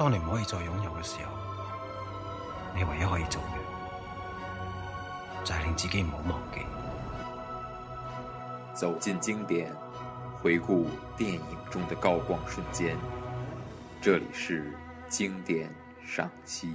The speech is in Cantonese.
當你唔可以再擁有嘅時候，你唯一可以做嘅就係、是、令自己唔好忘記。走進經典，回顧電影中的高光瞬間。這裏是經典賞析。